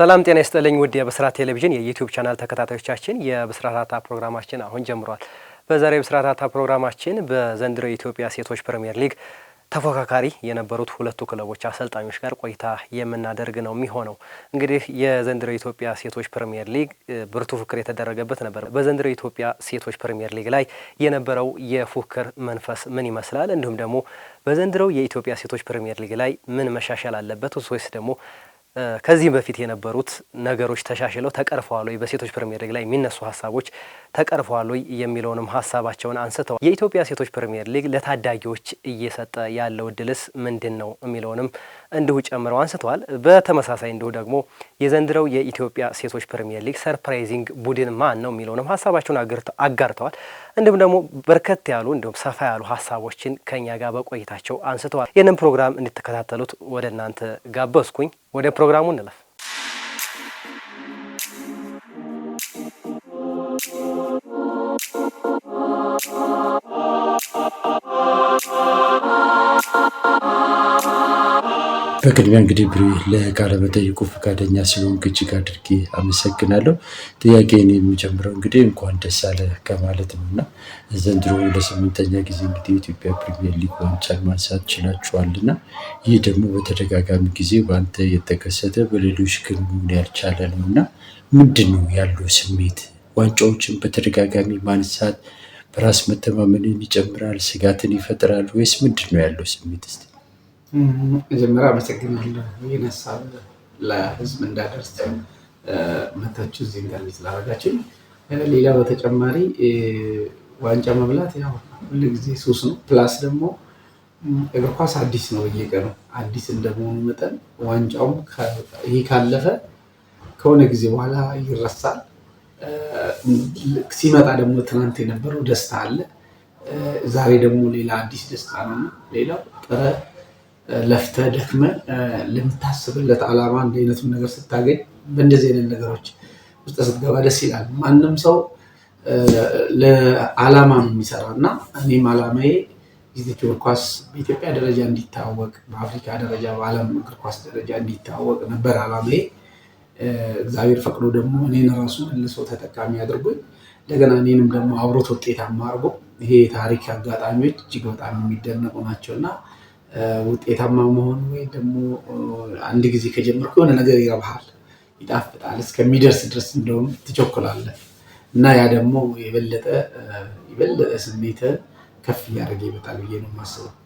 ሰላም ጤና ይስጥልኝ ውድ የብስራት ቴሌቪዥን የዩቲዩብ ቻናል ተከታታዮቻችን የብስራታታ ፕሮግራማችን አሁን ጀምሯል። በዛሬው የብስራታታ ፕሮግራማችን በዘንድሮ የኢትዮጵያ ሴቶች ፕሪምየር ሊግ ተፎካካሪ የነበሩት ሁለቱ ክለቦች አሰልጣኞች ጋር ቆይታ የምናደርግ ነው የሚሆነው። እንግዲህ የዘንድሮ ኢትዮጵያ ሴቶች ፕሪምየር ሊግ ብርቱ ፉክክር የተደረገበት ነበር። በዘንድሮ ኢትዮጵያ ሴቶች ፕሪምየር ሊግ ላይ የነበረው የፉክክር መንፈስ ምን ይመስላል? እንዲሁም ደግሞ በዘንድሮው የኢትዮጵያ ሴቶች ፕሪምየር ሊግ ላይ ምን መሻሻል አለበት? እሱስ ደግሞ ከዚህም በፊት የነበሩት ነገሮች ተሻሽለው ተቀርፈዋል ወይ፣ በሴቶች ፕሪሚየር ሊግ ላይ የሚነሱ ሀሳቦች ተቀርፈዋል ወይ የሚለውንም ሀሳባቸውን አንስተዋል። የኢትዮጵያ ሴቶች ፕሪሚየር ሊግ ለታዳጊዎች እየሰጠ ያለው እድልስ ምንድን ነው የሚለውንም እንዲሁ ጨምረው አንስተዋል። በተመሳሳይ እንዲሁ ደግሞ የዘንድረው የኢትዮጵያ ሴቶች ፕሪሚየር ሊግ ሰርፕራይዚንግ ቡድን ማን ነው የሚለውንም ሀሳባቸውን አጋርተዋል። እንዲሁም ደግሞ በርከት ያሉ እንዲሁም ሰፋ ያሉ ሀሳቦችን ከኛ ጋር በቆይታቸው አንስተዋል። ይህንን ፕሮግራም እንድትከታተሉት ወደ እናንተ ጋበዝኩኝ። ወደ ፕሮግራሙ እንለፍ። በቅድሚያ እንግዲህ ብሪ ለቃለ መጠይቁ ፈቃደኛ ስለሆንክ እጅግ አድርጌ አመሰግናለሁ። ጥያቄን የሚጀምረው እንግዲህ እንኳን ደስ አለ ከማለት ነው እና ዘንድሮ ለስምንተኛ ጊዜ እንግዲህ የኢትዮጵያ ፕሪሚየር ሊግ ዋንጫን ማንሳት ችላችኋል እና ይህ ደግሞ በተደጋጋሚ ጊዜ በአንተ የተከሰተ በሌሎች ግን መሆን ያልቻለ ነው እና ምንድን ነው ያለው ስሜት? ዋንጫዎችን በተደጋጋሚ ማንሳት በራስ መተማመንን ይጨምራል፣ ስጋትን ይፈጥራል ወይስ ምንድን ነው ያለው ስሜት? እስኪ መጀመሪያ አመሰግናለሁ። ይህን ሀሳብ ለህዝብ እንዳደርስ መታችሁ እዚህ እንዳለ ስላደረጋችን። ሌላ በተጨማሪ ዋንጫ መብላት ያው ሁል ጊዜ ሱስ ነው። ፕላስ ደግሞ እግር ኳስ አዲስ ነው፣ በየቀኑ አዲስ እንደመሆኑ መጠን ዋንጫውም ይህ ካለፈ ከሆነ ጊዜ በኋላ ይረሳል። ሲመጣ ደግሞ ትናንት የነበረው ደስታ አለ፣ ዛሬ ደግሞ ሌላ አዲስ ደስታ ነው። ሌላው ጥረት ለፍተ ደክመ ለምታስብለት አላማ እንደ አይነቱን ነገር ስታገኝ በእንደዚህ አይነት ነገሮች ውስጥ ስትገባ ደስ ይላል። ማንም ሰው ለአላማ ነው የሚሰራ እና እኔም አላማዬ የዚህ እግር ኳስ በኢትዮጵያ ደረጃ እንዲታወቅ፣ በአፍሪካ ደረጃ፣ በዓለም እግር ኳስ ደረጃ እንዲታወቅ ነበር አላማዬ። እግዚአብሔር ፈቅዶ ደግሞ እኔን ራሱ መልሶ ተጠቃሚ አድርጎኝ እንደገና እኔንም ደግሞ አብሮት ውጤታማ አድርጎ ይሄ የታሪክ አጋጣሚዎች እጅግ በጣም የሚደነቁ ናቸው እና ውጤታማ መሆን ወይ ደግሞ አንድ ጊዜ ከጀመርኩ የሆነ ነገር ይረብሃል፣ ይጣፍጣል እስከሚደርስ ድረስ እንደውም ትቸኩላለህ እና ያ ደግሞ የበለጠ የበለጠ ስሜት ከፍ እያደረገ ይመጣል ብዬ ነው የማስበው።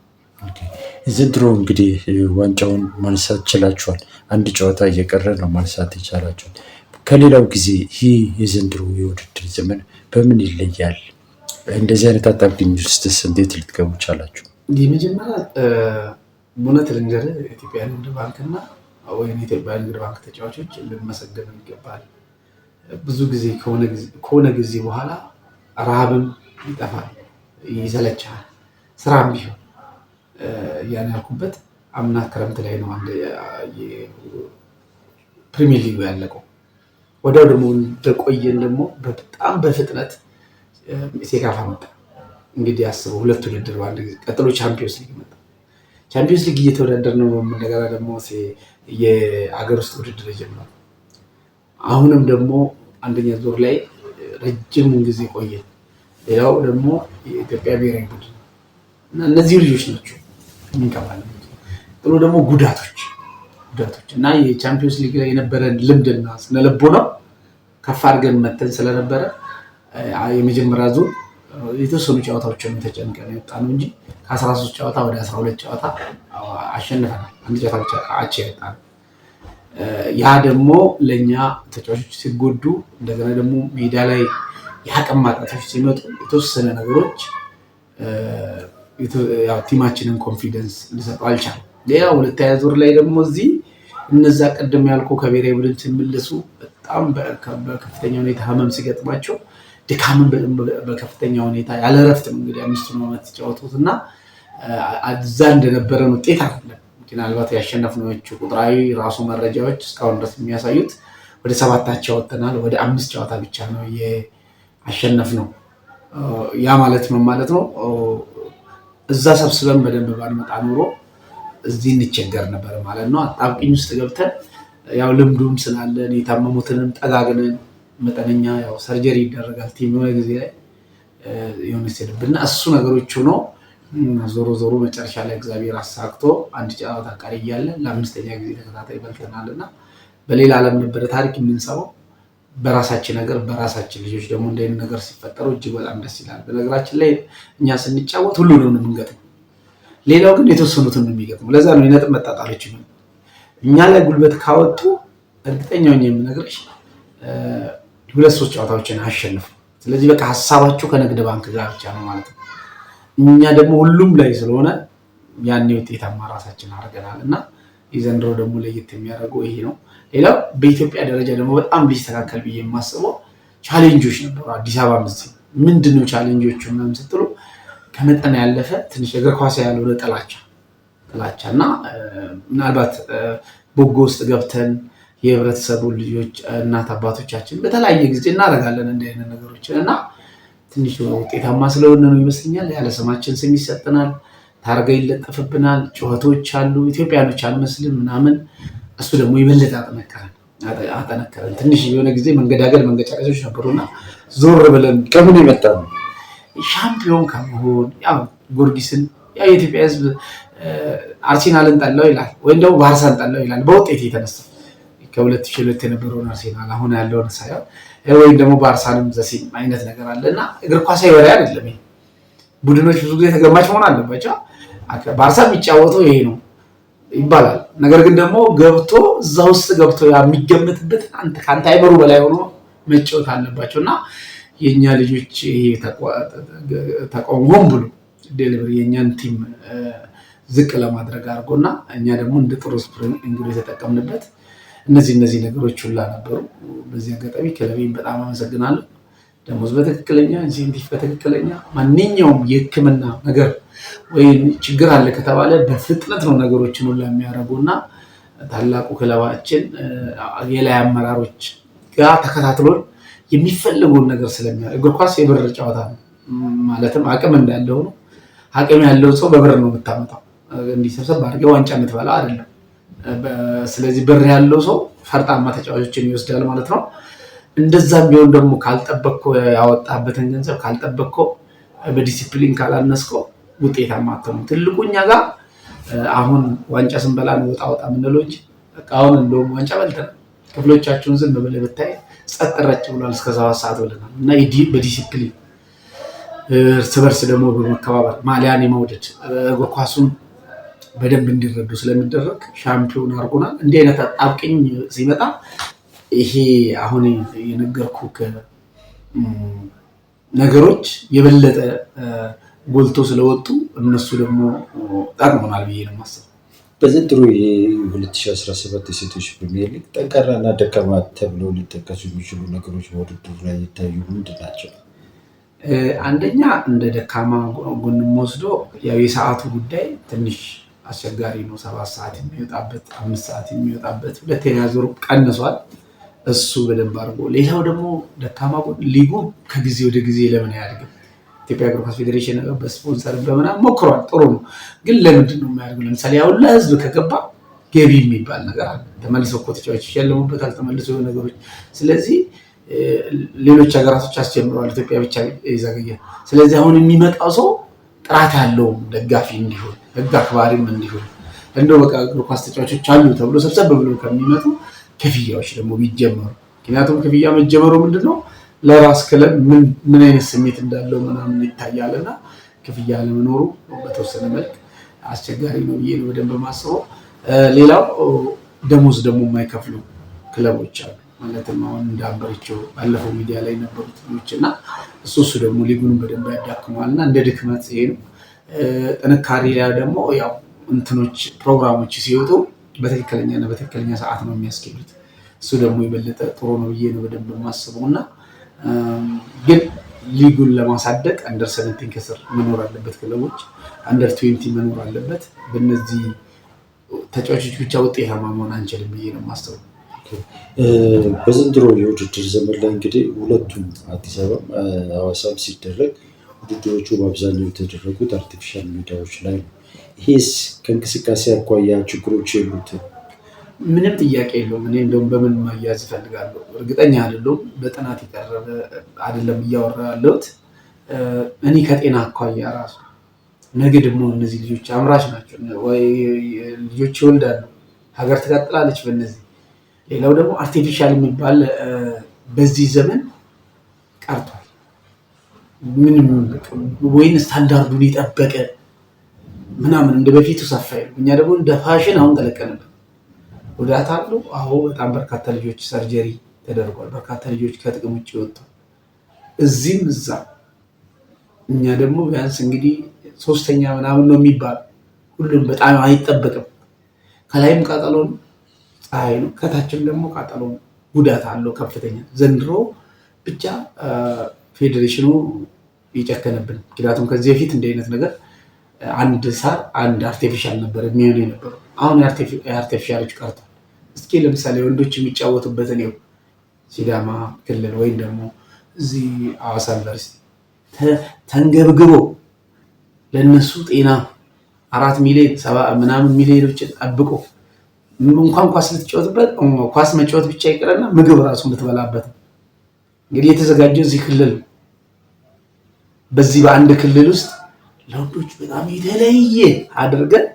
ዘንድሮ እንግዲህ ዋንጫውን ማንሳት ችላችኋል። አንድ ጨዋታ እየቀረ ነው ማንሳት ይቻላችኋል። ከሌላው ጊዜ ይህ የዘንድሮ የውድድር ዘመን በምን ይለያል? እንደዚህ አይነት አጣብቂኝ ውስጥስ እንዴት ልትገቡ ቻላችሁ? የመጀመሪያ እውነት ልንገርህ ኢትዮጵያ ንግድ ባንክና ወይም የኢትዮጵያ ንግድ ባንክ ተጫዋቾች ልመሰገን ይገባል። ብዙ ጊዜ ከሆነ ጊዜ በኋላ ረሃብም ይጠፋል፣ ይሰለቻል። ስራም ቢሆን ያን ያልኩበት አምና ክረምት ላይ ነው ፕሪሚየር ሊጉ ያለቀው። ወዲያው ደግሞ እንደቆየን ደግሞ በጣም በፍጥነት ሴካፋ መጣ። እንግዲህ አስበው ሁለት ውድድር በአንድ ጊዜ ቀጥሎ ቻምፒዮንስ ሊግ መጣ። ቻምፒዮንስ ሊግ እየተወዳደር ነው። እንደገና ደግሞ የአገር ውስጥ ውድድር የጀመረ አሁንም ደግሞ አንደኛ ዙር ላይ ረጅም ጊዜ ቆየ። ሌላው ደግሞ የኢትዮጵያ ብሔራዊ ቡድን እና እነዚህ ልጆች ናቸው የሚንቀባል። ጥሎ ደግሞ ጉዳቶች ጉዳቶች እና የቻምፒዮንስ ሊግ ላይ የነበረን ልምድና ስነልቦና ከፍ አድርገን መተን ስለነበረ የመጀመሪያ ዙር የተወሰኑ ጨዋታዎችን ተጨንቀን የወጣ ነው እንጂ ከ13 ጨዋታ ወደ 12 ጨዋታ አሸንፈናል። አንድ ጨዋታ ብቻ አቻ የወጣ ነው። ያ ደግሞ ለእኛ ተጫዋቾች ሲጎዱ እንደገና ደግሞ ሜዳ ላይ የአቅም ማጣቶች ሲመጡ የተወሰነ ነገሮች ቲማችንን ኮንፊደንስ ሊሰጡ አልቻለም። ሌላ ሁለተኛ ዙር ላይ ደግሞ እዚህ እነዛ ቅድም ያልኩ ከብሔራዊ ቡድን ሲመለሱ በጣም በከፍተኛ ሁኔታ ህመም ሲገጥማቸው ድካምን በከፍተኛ ሁኔታ ያለ እረፍት እንግዲህ አምስቱን ዓመት ተጫወቱት እና እዛ እንደነበረን ውጤት አይደለም። ምናልባት ያሸነፍነዎቹ ቁጥራዊ ራሱ መረጃዎች እስካሁን ድረስ የሚያሳዩት ወደ ሰባት አቻ ወጥተናል። ወደ አምስት ጨዋታ ብቻ ነው አሸነፍ ነው። ያ ማለት ምን ማለት ነው? እዛ ሰብስበን በደንብ ባንመጣ ኑሮ እዚህ እንቸገር ነበር ማለት ነው። አጣብቂኝ ውስጥ ገብተን ያው ልምዱም ስላለን የታመሙትንም ጠጋግነን መጠነኛ ያው ሰርጀሪ ይደረጋል። ቲም የሆነ ጊዜ ላይ የሆነ ሲልብና እሱ ነገሮች ሆኖ ዞሮ ዞሮ መጨረሻ ላይ እግዚአብሔር አሳክቶ አንድ ጨዋታ ቀሪ እያለ ለአምስተኛ ጊዜ ተከታታይ በልተናል እና በሌላ ዓለም ነበረ ታሪክ የምንሰማው። በራሳችን ነገር በራሳችን ልጆች ደግሞ እንደይን ነገር ሲፈጠሩ እጅግ በጣም ደስ ይላል። በነገራችን ላይ እኛ ስንጫወት ሁሉንም ነው የምንገጥመው፣ ሌላው ግን የተወሰኑትን ነው የሚገጥሙ። ለዛ ነው የነጥብ መጣጣሎች እኛ ላይ ጉልበት ካወጡ እርግጠኛውን የምነግረሽ ሁለት ሶስት ጨዋታዎችን አሸንፉ። ስለዚህ በቃ ሀሳባችሁ ከንግድ ባንክ ጋር ብቻ ነው ማለት ነው። እኛ ደግሞ ሁሉም ላይ ስለሆነ ያኔ ውጤታማ ራሳችን አድርገናል እና የዘንድሮ ደግሞ ለየት የሚያደርገው ይሄ ነው። ሌላው በኢትዮጵያ ደረጃ ደግሞ በጣም ሊስተካከል ብዬ የማስበው ቻሌንጆች ነበሩ። አዲስ አበባ ምስ ምንድን ነው ቻሌንጆቹ ምናምን ስትሉ ከመጠን ያለፈ ትንሽ እግር ኳስ ያልሆነ ጥላቻ ጥላቻ እና ምናልባት ቦጎ ውስጥ ገብተን የህብረተሰቡ ልጆች እናት አባቶቻችን በተለያየ ጊዜ እናደርጋለን እንዲህ አይነት ነገሮችን እና ትንሽ ውጤታማ ስለሆነ ነው ይመስለኛል። ያለ ስማችን ስም ይሰጥናል፣ ታርጋ ይለጠፍብናል፣ ጩኸቶች አሉ፣ ኢትዮጵያኖች አንመስልም ምናምን። እሱ ደግሞ ይበልጥ አጠነከረን አጠነከረን። ትንሽ የሆነ ጊዜ መንገዳገድ መንገጫቀሶች ነበሩና ዞር ብለን ከምን ይመጣ ነው ሻምፒዮን ከመሆን ያው ጎርጊስን ያው የኢትዮጵያ ህዝብ አርሴናልን ጠላው ይላል ወይም ደግሞ ባርሳን ጠላው ይላል በውጤት የተነሳ ከሁለት ሺህ ሁለት የነበረውን አርሴናል አሁን ያለውን ሳይሆን ወይም ደግሞ በአርሳንም ዘሴም አይነት ነገር አለ እና እግር ኳሳዊ ወሬ አይደለም። ቡድኖች ብዙ ጊዜ ተገማች መሆን አለባቸው። በአርሳ የሚጫወተው ይሄ ነው ይባላል። ነገር ግን ደግሞ ገብቶ እዛ ውስጥ ገብቶ የሚገምትበት ከአንተ አይበሩ በላይ ሆኖ መጫወት አለባቸው እና የእኛ ልጆች ተቃውሞ ሆን ብሎ ዴሊቨሪ የእኛን ቲም ዝቅ ለማድረግ አድርጎ እና እኛ ደግሞ እንደ ጥሩ ስፕሪንግ እንግዲህ የተጠቀምንበት እነዚህ እነዚህ ነገሮች ሁላ ነበሩ። በዚህ አጋጣሚ ክለቤን በጣም አመሰግናለሁ። ደሞዝ በትክክለኛ ኢንሴንቲቭ በትክክለኛ ማንኛውም የህክምና ነገር ወይም ችግር አለ ከተባለ በፍጥነት ነው ነገሮችን ሁላ የሚያደርጉ እና ታላቁ ክለባችን የላይ አመራሮች ጋር ተከታትሎን የሚፈልጉን ነገር ስለሚያ እግር ኳስ የብር ጨዋታ ነው። ማለትም አቅም እንዳለው ነው። አቅም ያለው ሰው በብር ነው የምታመጣው። እንዲሰብሰብ አድርገ ዋንጫ የምትበላ አይደለም። ስለዚህ ብር ያለው ሰው ፈርጣማ ተጫዋቾችን ይወስዳል ማለት ነው። እንደዛም ቢሆን ደግሞ ካልጠበቅኮ ያወጣበትን ገንዘብ ካልጠበቅኮ በዲሲፕሊን ካላነስከው ውጤታማ አትሆንም። ትልቁ እኛ ጋር አሁን ዋንጫ ስንበላ ነው ወጣ ወጣ የምንለው እንጂ አሁን እንደውም ዋንጫ በልተን ክፍሎቻችሁን ዝም ብለህ ብታይ ጸጥ ረጭ ብሏል። እስከ ሰባት ሰዓት ብለናል እና በዲሲፕሊን እርስ በርስ ደግሞ በመከባበር ማሊያን የመውደድ እግር ኳሱን በደንብ እንዲረዱ ስለሚደረግ ሻምፒዮን አድርጎናል። እንዲህ አይነት አጣብቅኝ ሲመጣ ይሄ አሁን የነገርኩ ነገሮች የበለጠ ጎልቶ ስለወጡ እነሱ ደግሞ ጠቅሞናል ብዬ ነው የማስበው። በዘንድሮ የ2017 የሴቶች ፕሪሚየር ሊግ ጠንካራና ደካማ ተብለው ሊጠቀሱ የሚችሉ ነገሮች በውድድሩ ላይ የታዩ ምንድን ናቸው? አንደኛ እንደ ደካማ ጎንም ወስዶ ያው የሰዓቱ ጉዳይ ትንሽ አስቸጋሪ ነው። ሰባት ሰዓት የሚወጣበት አምስት ሰዓት የሚወጣበት ሁለተኛ ዙር ቀንሷል። እሱ በደንብ አድርጎ ሌላው ደግሞ ደካማ ሊጉ ከጊዜ ወደ ጊዜ ለምን አያድግም? ኢትዮጵያ እግር ኳስ ፌዴሬሽን በስፖንሰር በምናምን ሞክሯል። ጥሩ ነው፣ ግን ለምንድን ነው የሚያደርገው? ለምሳሌ አሁን ለህዝብ ከገባ ገቢ የሚባል ነገር አለ። ተመልሰው እኮ ተጫዋቾች ይሸለሙበታል፣ ተመልሶ ነገሮች። ስለዚህ ሌሎች ሀገራቶች አስጀምረዋል። ኢትዮጵያ ብቻ ይዘገያል። ስለዚህ አሁን የሚመጣው ሰው ጥራት ያለው ደጋፊ እንዲሆን ህግ አክባሪም እንዲሆን እንደው በቃ እግር ኳስ ተጫዋቾች አሉ ተብሎ ሰብሰብ ብሎ ከሚመጡ ክፍያዎች ደግሞ ቢጀመሩ። ምክንያቱም ክፍያ መጀመሩ ምንድን ነው ለራስ ክለብ ምን አይነት ስሜት እንዳለው ምናምን ይታያል እና ክፍያ ለመኖሩ በተወሰነ መልክ አስቸጋሪ ነው ብዬ ነው በደንብ ማስበው። ሌላው ደሞዝ ደግሞ የማይከፍሉ ክለቦች አሉ። ማለትም አሁን እንዳምበሪቸው ባለፈው ሚዲያ ላይ ነበሩት ልጆች እና እሱ እሱ ደግሞ ሊጉን በደንብ ያዳክመዋል እና እንደ ድክመት ይሄ ነው። ጥንካሬ ላይ ደግሞ ያው እንትኖች ፕሮግራሞች ሲወጡ በትክክለኛ እና በትክክለኛ ሰዓት ነው የሚያስኬዱት። እሱ ደግሞ የበለጠ ጥሩ ነው ብዬ ነው በደንብ የማስበው እና ግን ሊጉን ለማሳደግ አንደር ሰቨንቲን ከስር መኖር አለበት፣ ክለቦች አንደር ትዌንቲ መኖር አለበት። በእነዚህ ተጫዋቾች ብቻ ውጤታማ መሆን አንችልም ብዬ ነው የማስበው። በዘንድሮ የውድድር ዘመን ላይ እንግዲህ ሁለቱም አዲስ አበባም ሐዋሳም ሲደረግ ውድድሮቹ በአብዛኛው የተደረጉት አርቲፊሻል ሜዳዎች ላይ ነው። ይሄስ ከእንቅስቃሴ አኳያ ችግሮች የሉት ምንም ጥያቄ የለውም። እኔ እንደውም በምን ማያዝ እፈልጋለሁ እርግጠኛ አይደለሁም። በጥናት የቀረበ አይደለም እያወራ ያለሁት እኔ ከጤና አኳያ ራሱ ነገ ደግሞ እነዚህ ልጆች አምራች ናቸው፣ ልጆች ይወልዳሉ፣ ሀገር ትቀጥላለች በነዚህ ሌላው ደግሞ አርቲፊሻል የሚባል በዚህ ዘመን ቀርቷል። ምንም ወይን ስታንዳርዱን የጠበቀ ምናምን እንደ በፊቱ ሰፋ እኛ ደግሞ እንደ ፋሽን አሁን ተለቀንበት። ጉዳት አሉ። አሁ በጣም በርካታ ልጆች ሰርጀሪ ተደርጓል። በርካታ ልጆች ከጥቅም ውጭ ወጥቷል። እዚህም እዛ እኛ ደግሞ ቢያንስ እንግዲህ ሶስተኛ ምናምን ነው የሚባል ሁሉም በጣም አይጠበቅም። ከላይም ቃጠሎ በኃይሉ ከታችም ደግሞ ቃጠሎ ጉዳት አለው ከፍተኛ። ዘንድሮ ብቻ ፌዴሬሽኑ ይጨከነብን። ምክንያቱም ከዚህ በፊት እንዲህ አይነት ነገር አንድ ሳር አንድ አርቴፊሻል ነበር የሚሆን የነበሩ አሁን የአርቴፊሻሎች ቀርቷል። እስኪ ለምሳሌ ወንዶች የሚጫወቱበትን ው ሲዳማ ክልል ወይም ደግሞ እዚህ አዋሳ ዩኒቨርሲቲ ተንገብግቦ ለእነሱ ጤና አራት ሚሊዮን ምናምን ሚሊዮኖችን ጠብቆ እንኳን ኳስ ልትጫወትበት ኳስ መጫወት ብቻ ይቅርና ምግብ ራሱ ልትበላበት እንግዲህ የተዘጋጀው እዚህ ክልል በዚህ በአንድ ክልል ውስጥ ለወንዶች በጣም የተለየ አድርገን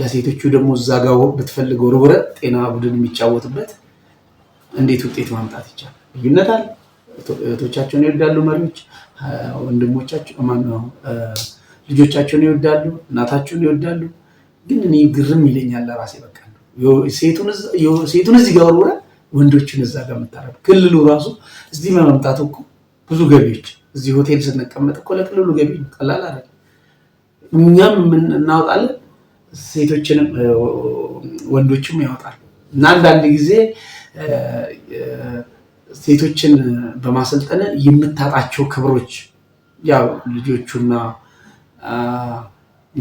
ለሴቶቹ ደግሞ እዛ ጋር ብትፈልገው ርብረ ጤና ቡድን የሚጫወትበት እንዴት ውጤት ማምጣት ይቻላል? ልዩነት አለ። እህቶቻቸውን ይወዳሉ መሪዎች፣ ወንድሞቻቸው ማነው ልጆቻቸውን ይወዳሉ፣ እናታቸውን ይወዳሉ። ግን እኔ ግርም ይለኛል ለራሴ በቃ ሴቱን እዚህ ጋር ወርውረ ወንዶችን እዛ ጋር የምታረብ ክልሉ ራሱ እዚህ መምጣት እኮ ብዙ ገቢዎች እዚህ ሆቴል ስንቀመጥ እኮ ለክልሉ ገቢ ቀላል አለ። እኛም እናወጣለን፣ ሴቶችንም ወንዶችም ያወጣል እና አንዳንድ ጊዜ ሴቶችን በማሰልጠን የምታጣቸው ክብሮች ያው ልጆቹና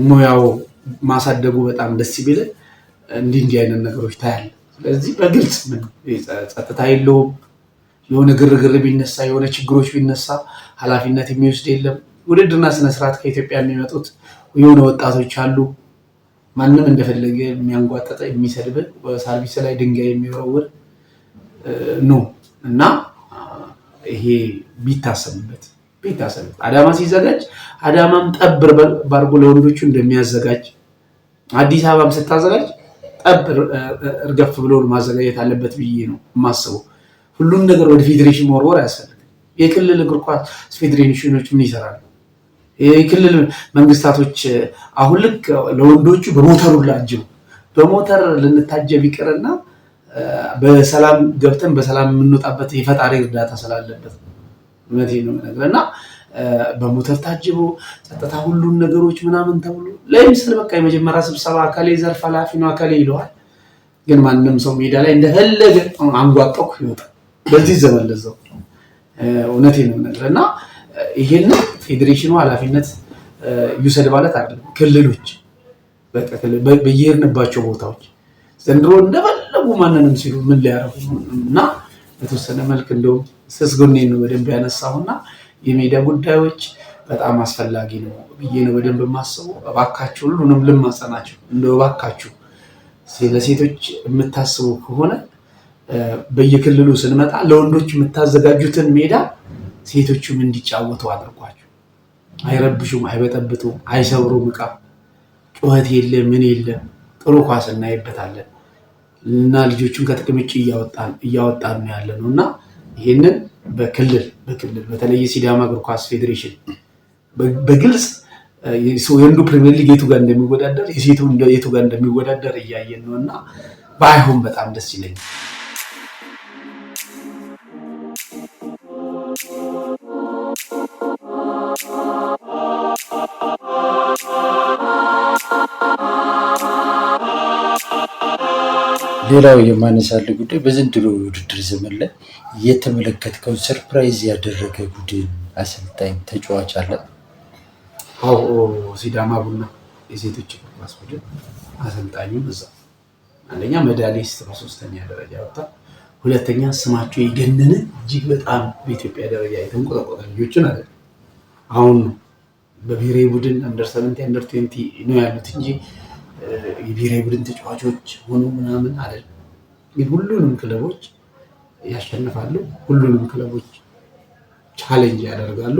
ሙያው ማሳደጉ በጣም ደስ ቢልን እንዲህ እንዲህ አይነት ነገሮች ታያለ። ስለዚህ በግልጽ ምን ጸጥታ የለውም። የሆነ ግርግር ቢነሳ የሆነ ችግሮች ቢነሳ ኃላፊነት የሚወስድ የለም። ውድድርና ስነስርዓት ከኢትዮጵያ የሚመጡት የሆነ ወጣቶች አሉ። ማንም እንደፈለገ የሚያንጓጠጠ የሚሰድብ፣ በሰርቪስ ላይ ድንጋይ የሚወረውር ኖ እና ይሄ ቢታሰብበት ቢታሰብበት። አዳማ ሲዘጋጅ አዳማም ጠብር ባርጎ ለወንዶቹ እንደሚያዘጋጅ አዲስ አበባም ስታዘጋጅ ጠብ እርገፍ ብሎ ማዘጋጀት አለበት ብዬ ነው የማስበው። ሁሉም ነገር ወደ ፌዴሬሽን መወርወር አያስፈልግም። የክልል እግር ኳስ ፌዴሬሽኖች ምን ይሰራሉ? የክልል መንግስታቶች አሁን ልክ ለወንዶቹ በሞተሩ ላጅው በሞተር ልንታጀብ ይቅርና በሰላም ገብተን በሰላም የምንወጣበት የፈጣሪ እርዳታ ስላለበት ነው እውነቴን ነው የምነግርህ እና በሞተር ታጅቦ ጸጥታ፣ ሁሉን ነገሮች ምናምን ተብሎ ለምስል በቃ የመጀመሪያ ስብሰባ አካሌ ዘርፍ ኃላፊ ነው አካሌ ይለዋል። ግን ማንም ሰው ሜዳ ላይ እንደፈለገ አንጓጠኩ ይወጣል። በዚህ ዘመለዘው እውነቴ ነው ነገር እና ይሄን ፌዴሬሽኑ ኃላፊነት ይውሰድ ማለት አይደለም። ክልሎች በየሄድንባቸው ቦታዎች ዘንድሮ እንደፈለጉ ማንንም ሲሉ ምን ሊያረፉ እና በተወሰነ መልክ እንደውም ስስጎኔ ጎኔ ነው በደንብ ያነሳሁና የሚዲያ ጉዳዮች በጣም አስፈላጊ ነው ብዬ ነው በደንብ የማስበው። እባካችሁ ሁሉንም ልማጸናችሁ፣ እንደ እባካችሁ ለሴቶች የምታስቡ ከሆነ በየክልሉ ስንመጣ ለወንዶች የምታዘጋጁትን ሜዳ ሴቶቹም እንዲጫወቱ አድርጓቸው። አይረብሹም፣ አይበጠብጡም፣ አይሰብሩም ዕቃ ጩኸት የለ ምን የለ ጥሩ ኳስ እናይበታለን እና ልጆቹን ከጥቅም ውጭ እያወጣን ያለ ነው እና ይህንን በክልል በክልል በተለይ ሲዳማ እግር ኳስ ፌዴሬሽን በግልጽ የወንዱ ፕሪሚየር ሊግ የቱ ጋር እንደሚወዳደር የሴቱ የቱ ጋር እንደሚወዳደር እያየን ነው እና ባይሆን በጣም ደስ ይለኛል። ሌላው የማነሳለ ጉዳይ በዘንድሮ ውድድር ዘመን ላይ እየተመለከትከው ሰርፕራይዝ ያደረገ ቡድን አሰልጣኝ ተጫዋች አለ? ሲዳማ ቡና የሴቶች እግር ኳስ ቡድን አሰልጣኙም እዛ አንደኛ መዳሊስት በሶስተኛ ደረጃ ወጣ፣ ሁለተኛ ስማቸው የገነነ እጅግ በጣም በኢትዮጵያ ደረጃ የተንቆጠቆጠ ልጆችን አለ አሁን በብሔራዊ ቡድን አንደር ሰቨንቲ አንደር ትዌንቲ ነው ያሉት እንጂ የብሔራዊ ቡድን ተጫዋቾች ሆኑ ምናምን አይደለም። ግን ሁሉንም ክለቦች ያሸንፋሉ። ሁሉንም ክለቦች ቻሌንጅ ያደርጋሉ።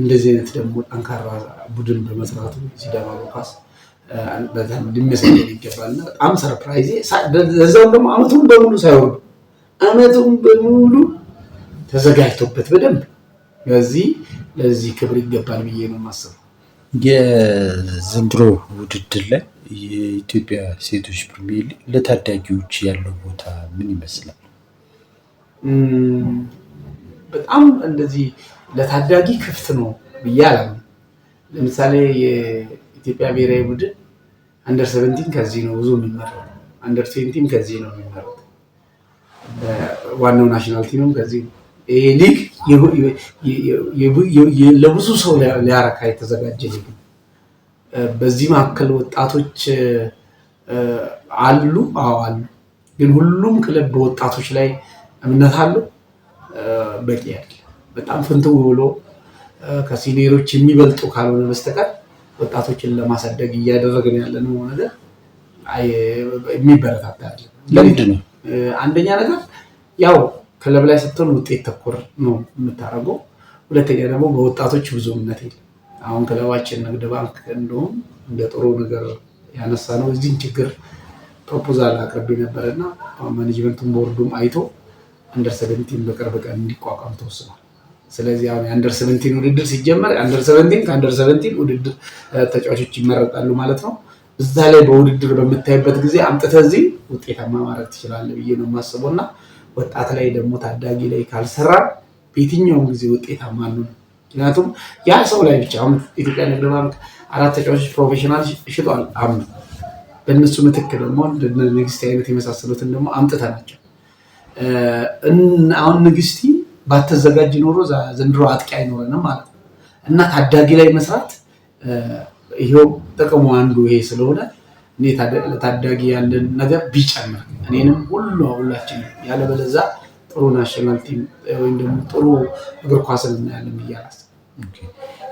እንደዚህ አይነት ደግሞ ጠንካራ ቡድን በመስራቱ ሲዳማ በኳስ በጣም ሊመሰገን ይገባል እና በጣም ሰርፕራይዝ። ለዛውም ደግሞ አመቱን በሙሉ ሳይሆን አመቱን በሙሉ ተዘጋጅቶበት በደንብ ለዚህ ለዚህ ክብር ይገባል ብዬ ነው የማስበው። የዘንድሮ ውድድር ላይ የኢትዮጵያ ሴቶች ፕሪሚየር ሊግ ለታዳጊዎች ያለው ቦታ ምን ይመስላል? በጣም እንደዚህ ለታዳጊ ክፍት ነው ብዬ አላምንም። ለምሳሌ የኢትዮጵያ ብሔራዊ ቡድን አንደር ሰቨንቲን ከዚህ ነው ብዙ የሚመረው፣ አንደር ትዌንቲም ከዚህ ነው የሚመረው፣ ዋናው ናሽናል ቲምም ከዚህ ነው። ይሄ ሊግ ለብዙ ሰው ሊያረካ የተዘጋጀ ሊግ ነው። በዚህ መካከል ወጣቶች አሉ። አዎ አሉ። ግን ሁሉም ክለብ በወጣቶች ላይ እምነት አለው። በቂ አይደለም። በጣም ፍንትው ብሎ ከሲኒየሮች የሚበልጡ ካልሆነ በስተቀር ወጣቶችን ለማሳደግ እያደረግን ያለነው ነገር የሚበረታታ ያለ ለምንድን ነው? አንደኛ ነገር ያው ክለብ ላይ ስትሆን ውጤት ተኮር ነው የምታደርገው። ሁለተኛ ደግሞ በወጣቶች ብዙ እምነት የለም። አሁን ክለባችን ንግድ ባንክ እንደውም እንደ ጥሩ ነገር ያነሳ ነው። እዚህን ችግር ፕሮፖዛል አቅርቤ ነበር እና ማኔጅመንቱን ቦርዱም አይቶ አንደር ሰቨንቲን በቅርብ ቀን እንዲቋቋም ተወስኗል። ስለዚህ አሁን የአንደር ሰቨንቲን ውድድር ሲጀመር አንደር ሰቨንቲን ከአንደር ሰቨንቲን ውድድር ተጫዋቾች ይመረጣሉ ማለት ነው። እዛ ላይ በውድድር በምታይበት ጊዜ አምጥተህ እዚህ ውጤታማ ማድረግ ትችላለህ ብዬ ነው የማስበው እና ወጣት ላይ ደግሞ ታዳጊ ላይ ካልሰራ በየትኛውም ጊዜ ውጤታማ ነው። ምክንያቱም ያ ሰው ላይ ብቻ አሁን ኢትዮጵያ ንግድ ባንክ አራት ተጫዋቾች ፕሮፌሽናል ሽጧል። አም በእነሱ ምትክ ደግሞ ንግስቲ አይነት የመሳሰሉትን ደግሞ አምጥተ ናቸው። አሁን ንግስቲ ባተዘጋጅ ኖሮ ዘንድሮ አጥቂ አይኖረንም ማለት ነው እና ታዳጊ ላይ መስራት ይሄው ጥቅሙ አንዱ ይሄ ስለሆነ እኔ ለታዳጊ ያለን ነገር ቢጨምር እኔንም ሁሉ ሁላችን ያለበለዛ ጥሩ ናሽናል ቲም ወይም ደግሞ ጥሩ እግር ኳስን እናያለን ብዬ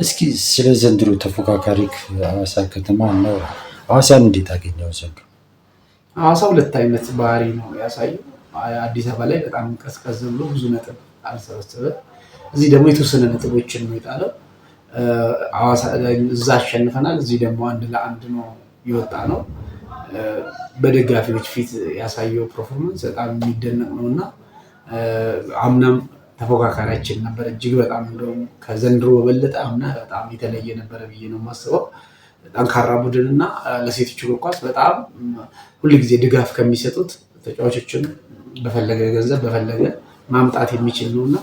እስኪ ስለ ዘንድሮ ተፎካካሪ ሐዋሳ ከተማ ነው። ሐዋሳን እንዴት አገኘው? ዘንድሮ ሐዋሳ ሁለት አይነት ባህሪ ነው ያሳየው። አዲስ አበባ ላይ በጣም ቀዝቀዝ ብሎ ብዙ ነጥብ አልሰበሰበ። እዚህ ደግሞ የተወሰነ ነጥቦችን ነው የጣለው። እዛ አሸንፈናል፣ እዚህ ደግሞ አንድ ለአንድ ነው የወጣ ነው። በደጋፊዎች ፊት ያሳየው ፐርፎርማንስ በጣም የሚደነቅ ነው እና አምናም ተፎካካሪያችን ነበር። እጅግ በጣም እንደውም ከዘንድሮ በበለጠ አምና በጣም የተለየ ነበረ ብዬ ነው የማስበው። ጠንካራ ቡድን እና ለሴቶች እግር ኳስ በጣም ሁልጊዜ ድጋፍ ከሚሰጡት ተጫዋቾችን በፈለገ ገንዘብ በፈለገ ማምጣት የሚችል ነው እና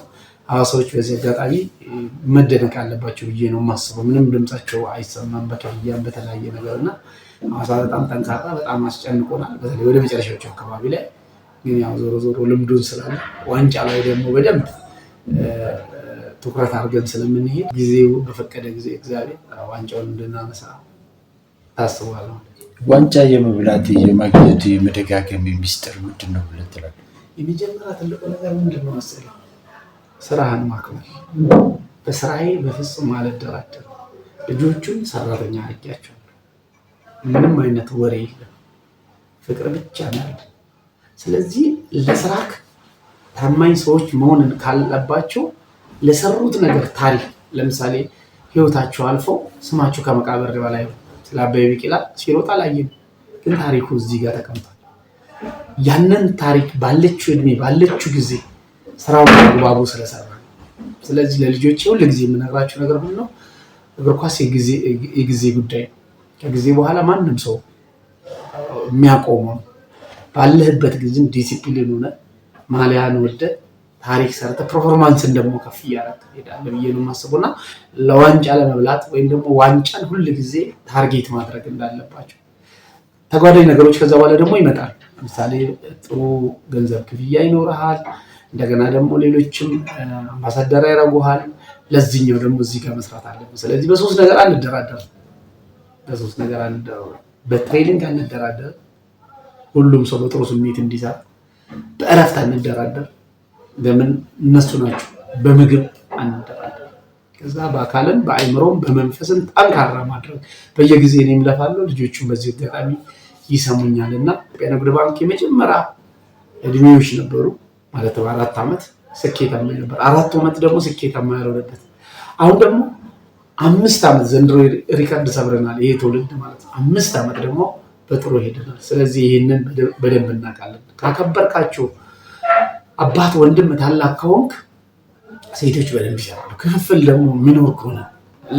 ሐዋሳዎች በዚህ አጋጣሚ መደነቅ አለባቸው ብዬ ነው የማስበው። ምንም ድምፃቸው አይሰማም በኪያን በተለያየ ነገር እና ሐዋሳ በጣም ጠንካራ በጣም አስጨንቆናል። በተለይ ወደ መጨረሻዎች አካባቢ ላይ ግን ያው ዞሮ ዞሮ ልምዱን ስላለ ዋንጫ ላይ ደግሞ በደንብ ትኩረት አድርገን ስለምንሄድ ጊዜው በፈቀደ ጊዜ እግዚአብሔር ዋንጫውን እንድናነሳ ታስቧል። ዋንጫ የመብላት የማግኘት የመደጋገም የሚስጥር ምንድን ነው ብለህ ትላለህ? የመጀመሪያ ትልቁ ነገር ምንድን ነው ስራህን ማክበር። በስራዬ በፍጹም አልደራደርም። ልጆቹን ሰራተኛ አድርጊያቸዋለሁ። ምንም አይነት ወሬ የለም። ፍቅር ብቻ ነው። ስለዚህ ለስራክ ታማኝ ሰዎች መሆንን ካለባቸው ለሰሩት ነገር ታሪክ ለምሳሌ ህይወታቸው አልፎ ስማቸው ከመቃብር በላይ ስለ አበበ ቢቂላ ሲሮጥ አላየም፣ ግን ታሪኩ እዚህ ጋር ተቀምጧል። ያንን ታሪክ ባለችው እድሜ ባለችው ጊዜ ስራውን አግባቡ ስለሰራ ስለዚህ ለልጆች ሁል ጊዜ የምነግራቸው ነገር ምን ነው፣ እግር ኳስ የጊዜ ጉዳይ ነው። ከጊዜ በኋላ ማንም ሰው የሚያቆመው ነው። ባለህበት ጊዜም ዲሲፕሊን ሆነ ማሊያን ወደ ታሪክ ሰርተ ፐርፎርማንስን ደግሞ ከፍ እያደረግ ሄዳለ ብዬ ነው የማስበው እና ለዋንጫ ለመብላት ወይም ደግሞ ዋንጫን ሁል ጊዜ ታርጌት ማድረግ እንዳለባቸው ተጓዳኝ ነገሮች ከዛ በኋላ ደግሞ ይመጣል። ለምሳሌ ጥሩ ገንዘብ ክፍያ ይኖርሃል። እንደገና ደግሞ ሌሎችም አምባሳደር ያረጉሃል። ለዚህኛው ደግሞ እዚህ ጋር መስራት አለብን። ስለዚህ በሶስት ነገር አንደራደር፣ በሶስት ነገር አንደራደር፣ በትሬኒንግ አንደራደር ሁሉም ሰው በጥሩ ስሜት እንዲሰራ በእረፍት አንደራደር። ለምን እነሱ ናቸው በምግብ አንደራደር። ከዛ በአካልን በአይምሮም በመንፈስም ጠንካራ ማድረግ በየጊዜ እኔም ለፋለሁ፣ ልጆቹም በዚህ አጋጣሚ ይሰሙኛል እና ኢትዮጵያ ንግድ ባንክ የመጀመሪያ እድሜዎች ነበሩ ማለት አራት ዓመት ስኬታማ ነበር። አራት ዓመት ደግሞ ስኬታማ ያልሆነበት አሁን ደግሞ አምስት ዓመት ዘንድሮ ሪከርድ ሰብረናል። ይሄ ትውልድ ማለት አምስት ዓመት ደግሞ በጥሩ ይሄድናል። ስለዚህ ይህንን በደንብ እናውቃለን። ካከበርካችሁ አባት፣ ወንድም ታላቅ ከሆንክ ሴቶች በደንብ ይሰራሉ። ክፍፍል ደግሞ የሚኖር ከሆነ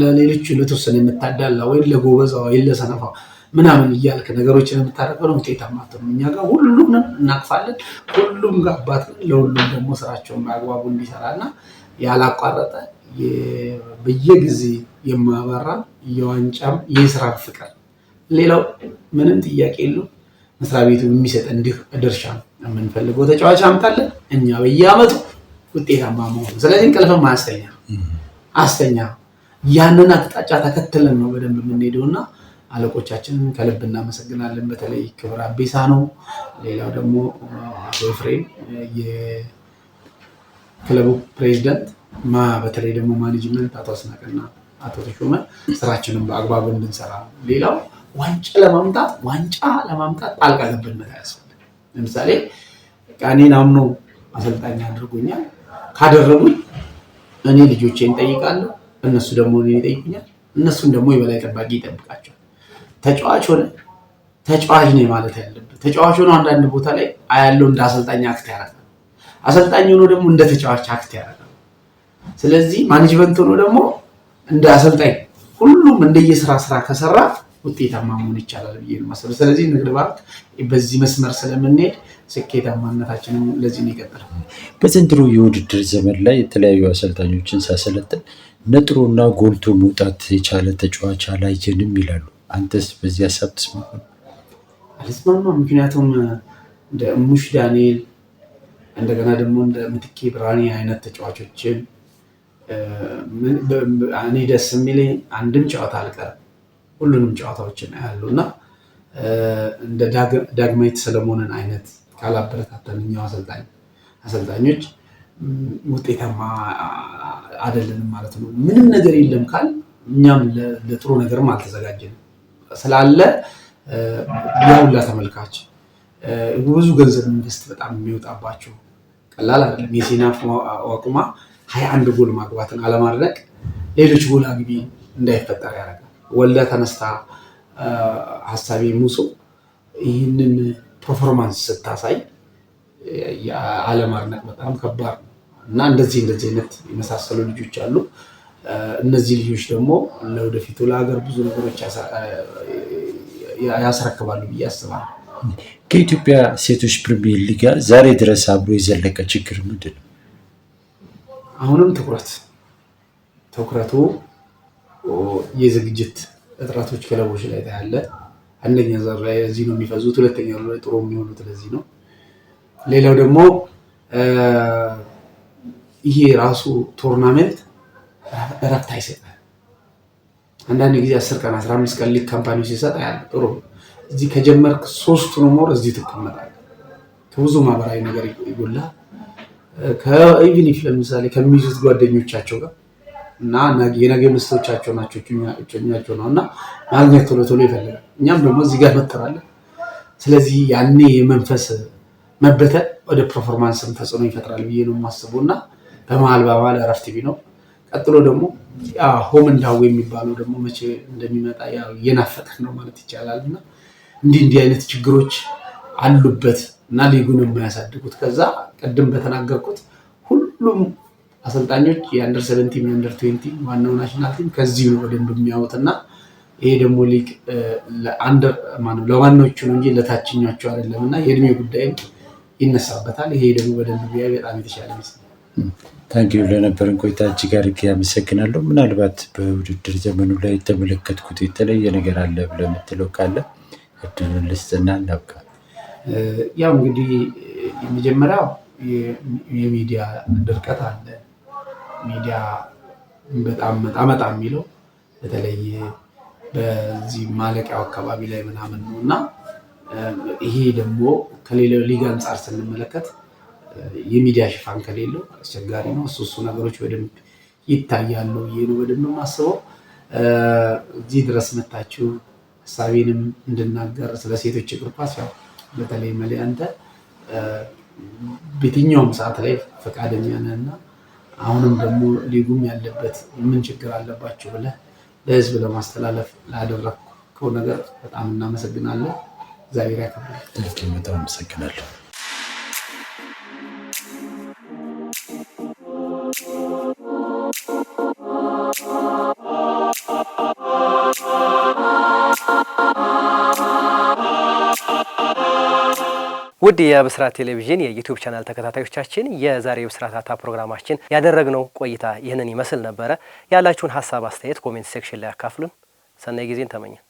ለሌሎቹ ለተወሰነ የምታዳላ ወይም ለጎበዛ ወይም ለሰነፋ ምናምን እያልክ ነገሮችን የምታደርገው ነው ውጤታማ አትሆንም። እኛ ጋር ሁሉንም እናቅፋለን። ሁሉም ጋር አባት ለሁሉም ደግሞ ስራቸውን በአግባቡ እንዲሰራ እና ያላቋረጠ በየጊዜ የማበራ የዋንጫም የስራ ፍቅር ሌላው ምንም ጥያቄ የለው መስሪያ ቤቱ የሚሰጠን ድርሻ የምንፈልገው ተጫዋች አምጣለን። እኛ በየአመቱ ውጤታማ መሆኑ ስለዚህ እንቅልፍም አያስተኛ አስተኛ ያንን አቅጣጫ ተከትለን ነው በደንብ የምንሄደው እና አለቆቻችንን ከልብ እናመሰግናለን። በተለይ ክብር አቤሳ ነው። ሌላው ደግሞ አቶ ኤፍሬም የክለቡ ፕሬዚደንት፣ በተለይ ደግሞ ማኔጅመንት አቶ አስናቀና አቶ ተሾመ ስራችንን በአግባቡ እንድንሰራ ሌላው ዋንጫ ለማምጣት ዋንጫ ለማምጣት ጣልቃ ገብነት አያስፈልግም። ለምሳሌ እኔን አምኖ አሰልጣኝ አድርጎኛል ካደረጉኝ እኔ ልጆቼን እጠይቃለሁ፣ እነሱ ደግሞ እኔን ይጠይቁኛል። እነሱን ደግሞ የበላይ ጠባቂ ይጠብቃቸዋል። ተጫዋች ሆነ ተጫዋች ነው ማለት ያለበት ተጫዋች ሆነ አንዳንድ ቦታ ላይ አያለው እንደ አሰልጣኝ አክት ያደርጋል። አሰልጣኝ ሆኖ ደግሞ እንደ ተጫዋች አክት ያደርጋል። ስለዚህ ማኔጅመንት ሆኖ ደግሞ እንደ አሰልጣኝ ሁሉም እንደየስራ ስራ ከሰራ ውጤታማ መሆን ይቻላል ብዬ ነው ማሰብ። ስለዚህ ንግድ ባንክ በዚህ መስመር ስለምንሄድ ስኬታማነታችንም ለዚህ ነው የቀጠለው። በዘንድሮ የውድድር ዘመን ላይ የተለያዩ አሰልጣኞችን ሳሰለጥን ነጥሮና ጎልቶ መውጣት የቻለ ተጫዋች አላየንም ይላሉ። አንተስ በዚህ ሀሳብ ትስማማ? አልስማማ። ምክንያቱም እንደ ሙሽ ዳንኤል እንደገና ደግሞ እንደ ምትኬ ብራኒ አይነት ተጫዋቾችን እኔ ደስ የሚለኝ አንድም ጨዋታ አልቀርም ሁሉንም ጨዋታዎችን አያሉ እና እንደ ዳግማዊት ሰለሞንን አይነት ካላበረታተን እኛው አሰልጣኝ አሰልጣኞች ውጤታማ አይደለንም ማለት ነው። ምንም ነገር የለም ካል እኛም ለጥሩ ነገርም አልተዘጋጀንም ስላለ ያውላ ተመልካች ብዙ ገንዘብ መንግስት በጣም የሚወጣባቸው ቀላል አይደለም። የሴና ዋቁማ ሀያ አንድ ጎል ማግባትን አለማድረግ ሌሎች ጎል አግቢ እንዳይፈጠር ያደርጋል። ወልዳ ተነስታ ሀሳቢ ሙሶ ይህንን ፐርፎርማንስ ስታሳይ አለማድነቅ በጣም ከባድ ነው እና እንደዚህ እንደዚህ አይነት የመሳሰሉ ልጆች አሉ። እነዚህ ልጆች ደግሞ ለወደፊቱ ለሀገር ብዙ ነገሮች ያስረክባሉ ብዬ አስባለሁ። ከኢትዮጵያ ሴቶች ፕሪሚየር ሊግ ጋር ዛሬ ድረስ አብሮ የዘለቀ ችግር ምንድን ነው? አሁንም ትኩረት ትኩረቱ የዝግጅት እጥረቶች ክለቦች ላይ ታያለ። አንደኛ ዘር ላይ እዚህ ነው የሚፈዙት፣ ሁለተኛ ዘር ላይ ጥሩ የሚሆኑት ለዚህ ነው። ሌላው ደግሞ ይሄ ራሱ ቶርናመንት እረፍት አይሰጥም። አንዳንድ ጊዜ አስር ቀን አስራ አምስት ቀን ሊግ ካምፓኒው ሲሰጥ ያለ ጥሩ እዚህ ከጀመርክ ሶስቱ ኖሞር እዚህ ትቀመጣለህ። ከብዙ ማህበራዊ ነገር ይጎላ ከኢቪን ለምሳሌ ከሚይዙት ጓደኞቻቸው ጋር እና የነገ ምስቶቻቸው ናቸው እጮኛቸው ነው እና ማግኘት ቶሎ ቶሎ ይፈልጋል። እኛም ደግሞ እዚህ ጋር መተራለን። ስለዚህ ያኔ የመንፈስ መበተን ወደ ፐርፎርማንስም ተጽዕኖ ይፈጥራል ብዬ ነው የማስበው እና በመሀል በመሀል እረፍት ቢኖር ቀጥሎ ደግሞ ሆም እንዳው የሚባለው ደግሞ መቼ እንደሚመጣ እየናፈቀን ነው ማለት ይቻላል እና እንዲህ እንዲህ አይነት ችግሮች አሉበት እና ሊጉን የማያሳድጉት ከዛ ቅድም በተናገርኩት ሁሉም አሰልጣኞች የአንደር ሰቨንቲን የአንደር ትዌንቲ ዋናው ናሽናል ቲም ከዚህ ነው በደንብ የሚያወጥ እና ይሄ ደግሞ ሊግ ለዋናዎቹ ነው እንጂ ለታችኛቸው አይደለም እና የእድሜ ጉዳይም ይነሳበታል። ይሄ ደግሞ በደንብ ቢያ በጣም የተሻለ ይመስላል። ታንኪዩ ለነበረን ቆይታ እጅግ አድርጌ አመሰግናለሁ። ምናልባት በውድድር ዘመኑ ላይ ተመለከትኩት የተለየ ነገር አለ ብለህ የምትለው ካለ እድሉን ልስጥና እናብቃ። ያው እንግዲህ የመጀመሪያው የሚዲያ ድርቀት አለ ሚዲያ በጣም መጣመጣ የሚለው በተለይ በዚህ ማለቂያው አካባቢ ላይ ምናምን ነው እና ይሄ ደግሞ ከሌላው ሊግ አንጻር ስንመለከት የሚዲያ ሽፋን ከሌለው አስቸጋሪ ነው። እሱ እሱ ነገሮች በደንብ ይታያሉ። ይሄ ነው በደንብ የማስበው። እዚህ ድረስ መታችሁ ሀሳቤንም እንድናገር ስለ ሴቶች እግር ኳስ ያው በተለይ መለያንተ በየትኛውም ሰዓት ላይ ፈቃደኛ እና አሁንም ደግሞ ሊጉም ያለበት ምን ችግር አለባችሁ ብለህ ለህዝብ ለማስተላለፍ ላደረግከው ነገር በጣም እናመሰግናለን። እግዚአብሔር ያከብራል። በጣም አመሰግናለሁ። ውድ የብስራት ቴሌቪዥን የዩቲዩብ ቻናል ተከታታዮቻችን የዛሬ ብስራት አታ ፕሮግራማችን ያደረግነው ቆይታ ይህንን ይመስል ነበረ። ያላችሁን ሀሳብ አስተያየት ኮሜንት ሴክሽን ላይ ያካፍሉን። ሰናይ ጊዜን ተመኘን።